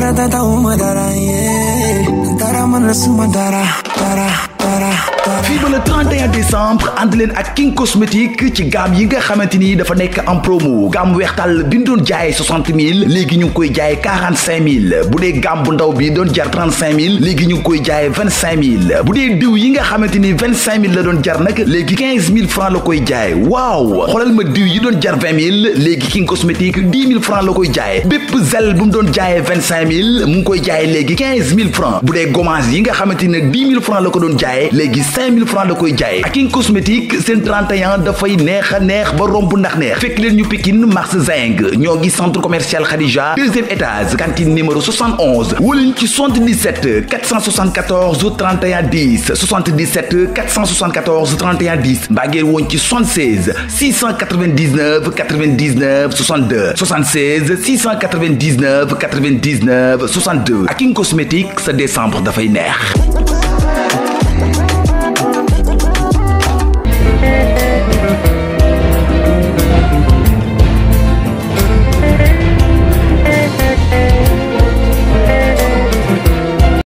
dara da da umma dara yeah dara man rasuma dara dara fii ba le 31 décembre ànd leen ak king cosmétique ci gaam yi nga xamante ni dafa nekk en promo gaam weextal bi ñu doon jaayee 60 000 léegi ñu ngi koy jaayee 45 000 bu dee gaam bi doon jar 35 000 léegi ñu ngi koy jaayee 25 000 bu dee diw yi nga xamante ni 25 la doon jar nag léegi 15 000 francs la koy jaay waaw xoolal ma diw yi doon jar 20 000 léegi king cosmétique 10 la koy jaayee bépp zel bu mu doon jaayee 25 la ko doon jaayee léegi 5000 francs la koy jaayee ak King Cosmétique seen 31 dafay neex a neex ba romb ndax neex fekk leen ñu Pikine marché Zing ñoo ngi centre commercial Khadija deuxième étage cantine numéro 71 wala ñu ci 77 474 31 10 77 474 31 10 mbaa ngeen woon ci 76 699 99 62 76 699 99 62 ak King Cosmétique sa décembre dafay neex.